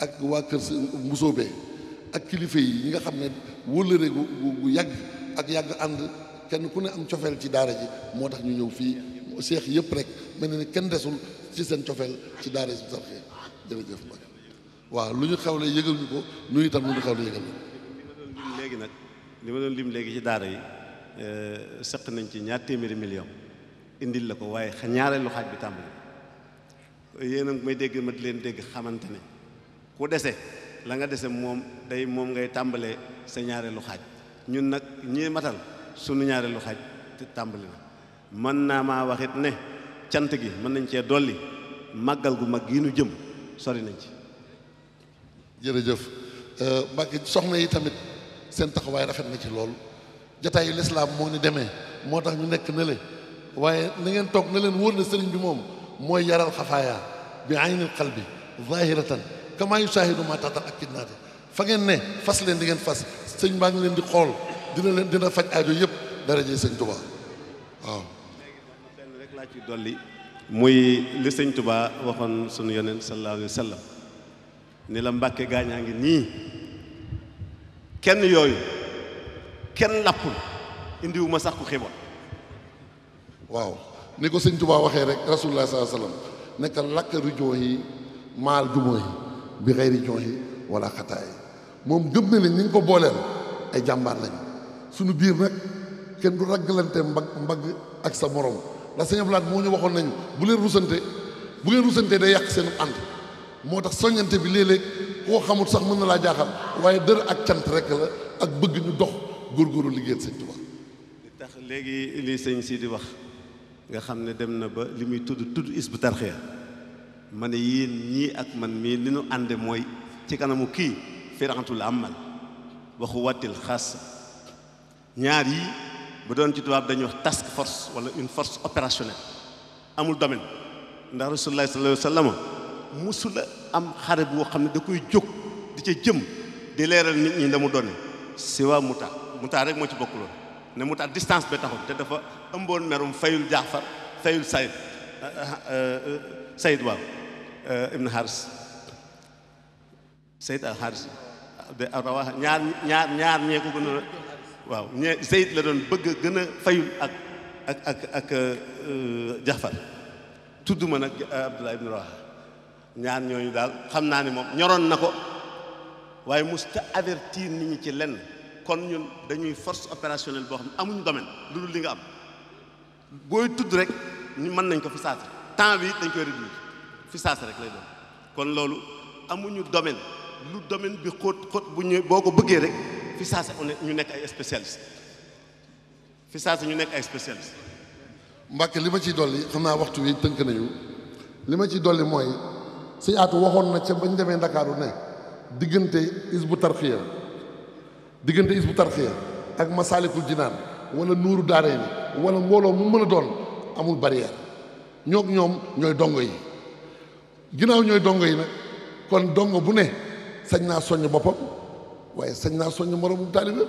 ak waa kër Mbusoobe ak kilifa yi ñi nga xam ne wóllëre gu gu yàgg ak yàgg ànd kenn ku ne am cofeel ci daara ji moo tax ñu ñëw fii seex yëpp rek mel na ni kenn desul ci seen cofeel ci daara ji Sarxee jërëjëf lu ñu xewle yëgal ñu ko nuyu itam lu ñu xewle yëgal nag li ma doon lim léegi ci daara yi euh, seq nañ ci ñaar téeméeri million indil la ko waaye ñaareelu xaaj bi tàmbali yéen a may dégg ma di leen dégg xamante ne ku dese la nga dese moom day moom ngay tàmbalee sa ñaareelu xaaj ñun nag ñi matal sunu ñaareelu xaaj te tàmbali na mën naa maa waxit it ne cant gi mën nañ cee dolli màggal gu mag gi nu jëm sori nañ ci jërëjëf euh, mbàkki soxna yi tamit seen taxawaay rafet na ci lool jataayu lislaam moo ni demee moo tax ñu nekk na waaye na ngeen toog na leen wóor na sëriñ bi moom mooy yaral xafaaya bi aynil qalbi zahiratan kama yushaahidu ma taxtal ak kidnaate fa ngeen ne fas leen di ngeen fas sëñ baa ngi leen di xool dina leen dina faj aajo yëpp dara jëy sëñ Touba waaw. rek laa ci dolli muy li sëñ Touba waxoon sunu yonent sallallahu alayhi wa ni la Mbàkke gaañaa ngi nii kenn yooyu kenn lappul indiwuma sax ku xibaar. waaw ni ko sëñ Touba waxee rek rasulullah sallallahu alayhi wa sallam nekk lakk rujo yi maal jumo yi. bi xayri jox yi wala xataa yi moom gëm na ne ñi ko booleel ay jàmbaar lañu suñu biir nag kenn du raggalante mbag mbagg ak sa morom ndax sëñ Ablaat moo ñu waxoon nañu bu leen rusante bu ngeen rusante day yàq seen ànd moo tax soññante bi léeg-léeg koo xamul sax mën na laa jaaxal waaye dër ak cant rek la ak bëgg ñu dox góorgóorlu liggéeyal sëñ Tuubaa li tax léegi li sëñ si di wax nga xam ne dem na ba li muy tudd tudd Hizbut Tarqiyyah mane yii ñii ak man mii li nu ànde mooy ci kanamu kii firaxatul amal waxu wattil xas ñaar yi bu doon ci tubaab dañuy wax task force wala une force opérationnelle amul domaine ndax rasulullah sallallahu alayhi wasallam am xare boo xam ne da koy jóg di ca jëm di leeral nit ñi la mu doone si waa muta muta rek moo ci bokkuloon ne muta distance ba taxoon te dafa ëmboon merum fayul jaafar fayul sayid euh, euh, euh, sayid waaw Eh, ibn Haris Sayd al Haris de Rawaha ñaar ñaar ñaar ñee ko gën a waaw ñee Sayd la doon bëgg gën a fayul ak ak ak ak eh, Jaafar tudd ma nag eh, Abdullah ibn Rawaha ñaar ñooñu daal xam naa ni moom ñoroon na ko waaye musta avertir nit ñi ci lenn kon ñun dañuy force opérationnelle boo xam ne amuñu domaine lu dul li nga am booy tudd rek ñu mën nañ ko fi saat temps bi dañ koy réduire fi saas rek lay doon kon loolu amuñu domaine lu domaine bi xóot xóot bu ñu boo ko bëggee rek fi saasa ñu nekk ay spécialiste fi ñu nekk ay spécialiste Mbàkke li ma ciy dolli xam naa waxtu wi tënk nañu li ma ciy dolli mooy si aatu waxoon na ca bañ demee Ndakaaru ne diggante bu tarxiya diggante isbu tarxiya ak masaalikul jinaan wala nuuru daaree ni wala mbooloo mu mën a doon amul barrière ñoog ñoom ñooy dongo yi ginnaaw ñooy dongo yi nag kon dongo bu ne sañ naa soññ boppam waaye sañ naa soññ moromu taalibe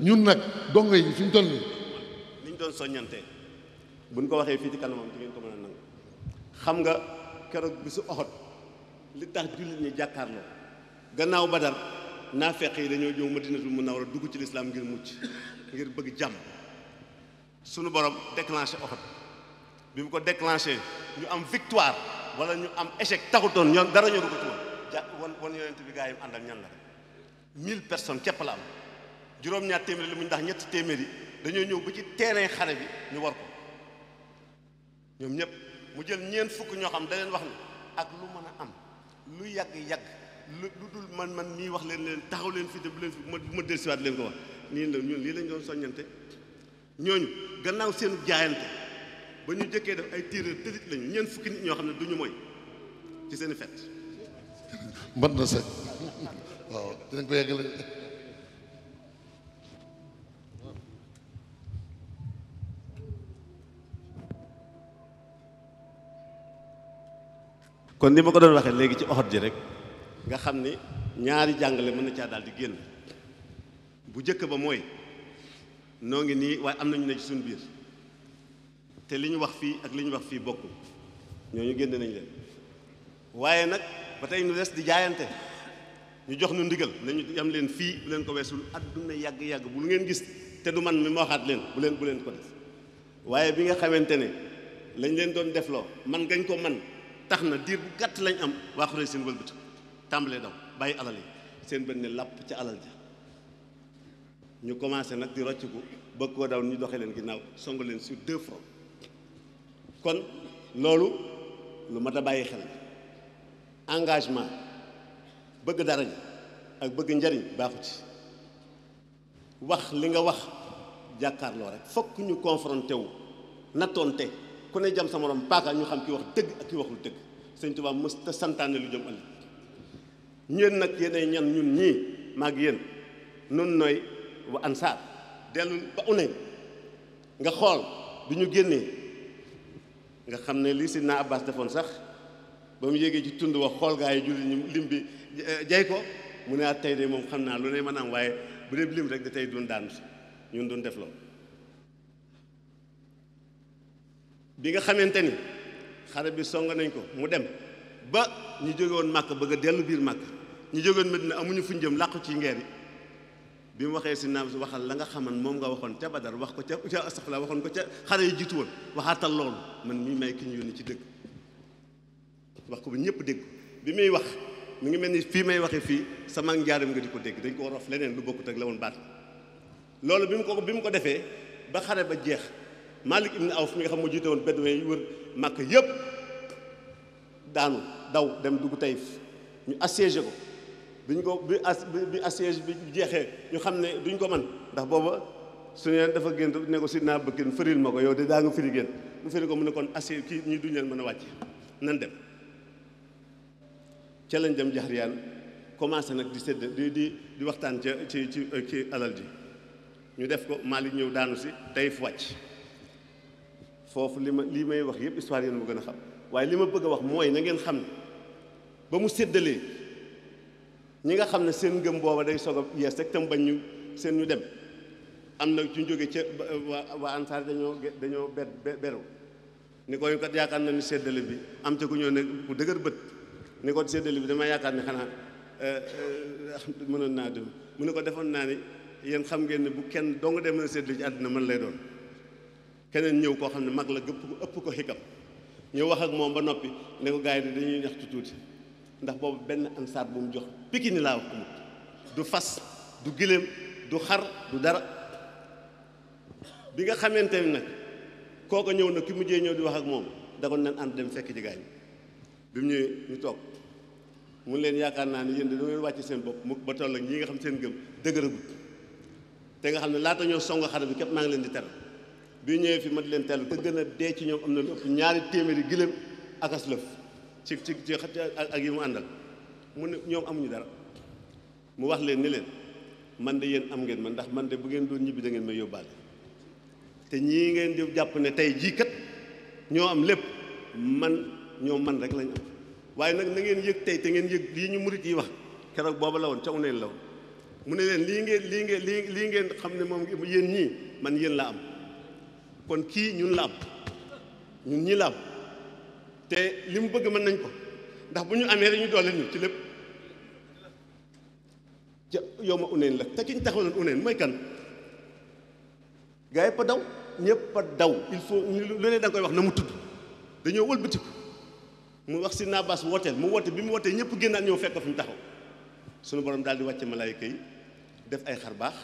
ñun nag dongo yi fi ñu toll nii li ñu doon soññante buñ ko waxee fii ci kanamam di ngeen ko mën na nangu xam nga keroog bisu oxot li tax jullit ñi jàkkaarloo gannaaw badar naafeq yi dañoo ma ñëw madinatul munawwara dugg ci lislaam ngir mucc ngir bëgg jàmm sunu borom déclenché oxot bi mu ko déclenché ñu am victoire wala ñu am échec taxutoon ñoom dara ñoru ko ci woon ja wan wan yonent bi gaa yi àndal ñan la mille personnes képp la am juróom-ñaar téeméeri li mu ndax ñetti téeméeri yi dañoo ñëw ba ci terrain xare bi ñu war ko ñoom ñëpp mu jël ñeent fukk ñoo xam daleen wax ni ak lu mën a am lu yàgg-yàgg lu dul man man nii wax leen leen taxaw leen fii te bu leen fi bu ma dellusiwaat leen ko wax nii la ñu lii lañ doon soññante ñooñu gannaaw seen jaayante ba ñu jëkkee def ay tiir tëdit lañu ñeent fukki nit ñoo xam ne du ñu mooy ci seen fet mbat na se waaw dinañ ko yeggale kon ni ma ko doon waxee léegi ci oxot ji rek nga xam ni ñaari jàngale mën na caa daal di génn bu jëkk ba mooy noo ngi nii waaye am nañu ne ci suñu biir te li ñu wax fii ak li ñu wax fii bokkul ñooñu génn nañ leen waaye nag ba tey ñu des di jaayante ñu jox ñu ndigal nañu yam leen fii bu leen ko weesul àdduna yàgg-yàgg bu lu ngeen gis te du man mi ma waxaat leen bu leen bu leen ko def waaye bi nga xamante ne lañ leen doon defloo man gañ ko man tax na diir bu gàtt lañ am waa Quraysh seen wëlbati tàmbalee daw bàyyi alal yi seen benn làpp ca alal ja ñu commencé nag di rocc ko bëgg koo daw ñu doxee leen ginnaaw song leen sur deux fronts kon loolu lu mat a bàyyi xel engagement bëgg dara ji ak bëgg njariñ baaxu ci wax li nga wax jàkkaarloo rek fokk ñu confronté wu nattoonte ku ne jam sa morom paaka ñu xam ki wax tëgg ak ki waxul dëgg sëñ Tuubaa mës te santaane lu jëm ëllëg ñeen nag yéenay ñan ñun ñii mag yéen nun nooy wa ansaar dellul ba une nga xool bi ñu génnee nga xam ne li Sidna Abbas defoon sax ba mu yéegee ci tund wax xool gaa yi julli lim bi eh, jay ko mu ne at ah, tey de moom xam naa lu ne maanaam waaye bu dee lim rek da tey dun daan ñun dun def loolu bi nga xamante ni xare bi song nañ ko mu dem ba ñu jóge woon màkk bëgg dellu biir màkk ñu jóge woon Medina amuñu fuñ jëm làqu ci ngeer yi bi mu waxee si naam si waxal la nga xaman moom nga waxoon ca badar wax ko ca ca astafla waxoon ko ca xare yi jiitu woon waxaatal loolu man mi may ki ñu yónni ci dëgg wax ko bu ñëpp dégg bi muy wax mu ngi mel ni fii may waxee fii sama njaaram nga di ko dégg dañ ko rof leneen lu bokkut ak la woon baat loolu bi mu ko bi mu ko defee ba xare ba jeex maa Malik ibn Awf mi nga xam moo jiite woon Bedouin yi wër Màkka yëpp daanu daw dem dugg Taïf ñu assiégé ko biñ ko bi as bi assiège bi jeexee ñu xam ne duñ ko man ndax booba su neen dafa gént ne ko si naa bëkkin firil ma ko yow de daa nga firi génn mu firi ko mu ne kon assiège kii ñi duñ leen mën a wàcc nan dem ca lañ dem jaxriyaan commencé nag di sédd di di di waxtaan ci ci ci alal ji ñu def ko Malick ñëw daanu si tey fu wàcc foofu li ma li may wax yëpp histoire yéen mu gën a xam waaye li ma bëgg a wax mooy na ngeen xam ne ba mu séddalee ñi nga xam ne seen gëm booba day soog a yees rek tam bañ ñu seen ñu dem am na ñu jóge ca waa ansaar dañoo dañoo bet beru ni koy kat yaakaar na ni seddale bi am ca ku ñëw ne ku dëgër bët ni ko seddale bi damay yaakaar ni xanaa euh, euh, mënoon naa dem mu ne ko defoon naa ni yéen xam ngeen ne bu kenn dong dem na seddale ci àddina mën lay doon keneen ñëw koo xam ne mag la gëpp ko ëpp ko xikam ñëw wax ak moom ba noppi ne ko gars yi dañuy ci tuuti ndax boobu benn ansaar bu mu jox pikini laa wax du fas du gëléem du xar du dara bi nga xamante ne nag kooka ñëw na ki mujjee ñëw di wax ak moom da ko nan ànd dem fekk ji gaañ bi mu ñëwee ñu toog mun leen yaakaar naa ne yéen da ngeen wàcc seen bopp mu ba toll ak ñi nga xam seen gëm dëgëragut te nga xam ne laata ñoo song xare bi képp maa ngi leen di teral bi ñëwee fi ma leen teral te gën a dee ci ñoom am na lu ëpp ñaari téeméeri gëléem ak ci ci ci ak yi mu àndal mu ne ñoom amuñu dara mu wax leen ni leen man de yéen am ngeen man ndax man de bu ngeen doon ñibbi da ngeen may yóbbaale te ñii ngeen di jàpp ne tey jii kat ñoo am lépp man ñoom man rek lañ am waaye nag na ngeen yëg tey te ngeen yëg lii ñu murit yi wax keroog booba la woon caw neen la woon mu ne leen lii ngeen lii ngeen lii lii ngeen xam ne moom yéen ñii man yéen la am kon kii ñun la am ñun ñii la am te li mu bëgg mën nañ ko ndax bu ñu amee rek ñu doole ñu ci lépp ca yow ma uneen la te ki ñu taxawaloon uneen mooy kan gaa yëpp daw ñëpp a daw il faut lu ne da koy wax na mu tudd dañoo wëlbatiku mu wax si naabaas wooteel mu woote bi mu wootee ñëpp génnaat ñëw fekk fu mu taxaw sunu borom daal di wàcce malaayka yi def ay xar baax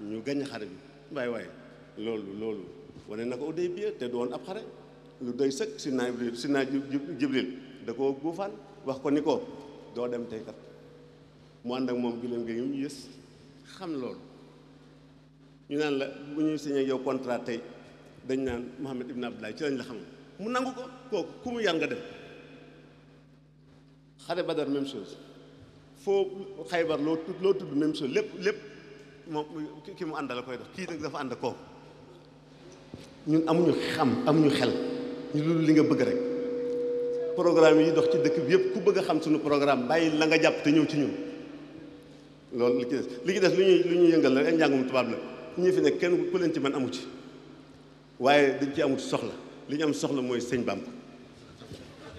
ñu gañ xare bi waaye waaye loolu loolu wane na ko udey bi te doon ab xare lu doy sëkk sidna Ibrahim sidna Jibril da koo guufaan wax ko ni ko doo dem tey kat mu ànd ak moom gileen nga ñu yës xam loolu ñu naan la bu ñuy signé yow contrat tey dañ naan Mouhamed Ibn Abdoulaye ci lañ la xam mu nangu ko kooku ku mu yar nga dem xare Badar même chose foo xaybar loo tudd loo même chose lépp lépp moom ki mu àndal la koy def kii nag dafa ànd kooku ñu amuñu xam amuñu xel ñu lu li nga bëgg rek programme yi dox ci dëkk bi yëpp ku bëgg a xam suñu programme bàyyi la nga jàpp te ñëw ci ñun loolu li ci des li ci des lu ñuy ñuy yëngal la ak njàngum tubaab la ñu fi nekk kenn ku leen ci man amu ci waaye dañ ci amut soxla li ñu am soxla mooy sëñ Bamba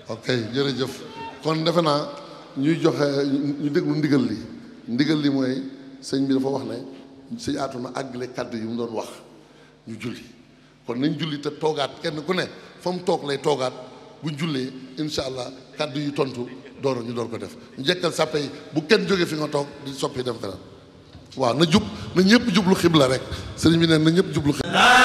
ok jërëjëf kon defe naa ñuy joxe ñu déglu ndigal li ndigal li mooy sëñ bi dafa wax ne sëñ aatu na àggale kàddu yi mu doon wax ñu julli kon nañ julli te toogaat kenn ku ne fa mu toog lay toogaat bu jullee incha allah kàddu yi tontu door ñu door ko def njëkkal jekkal sàppe yi bu kenn jógee fi nga toog di soppi dem feneen waaw na jub na ñëpp jublu la rek sëriñ bi ne na ñëpp jublu xibla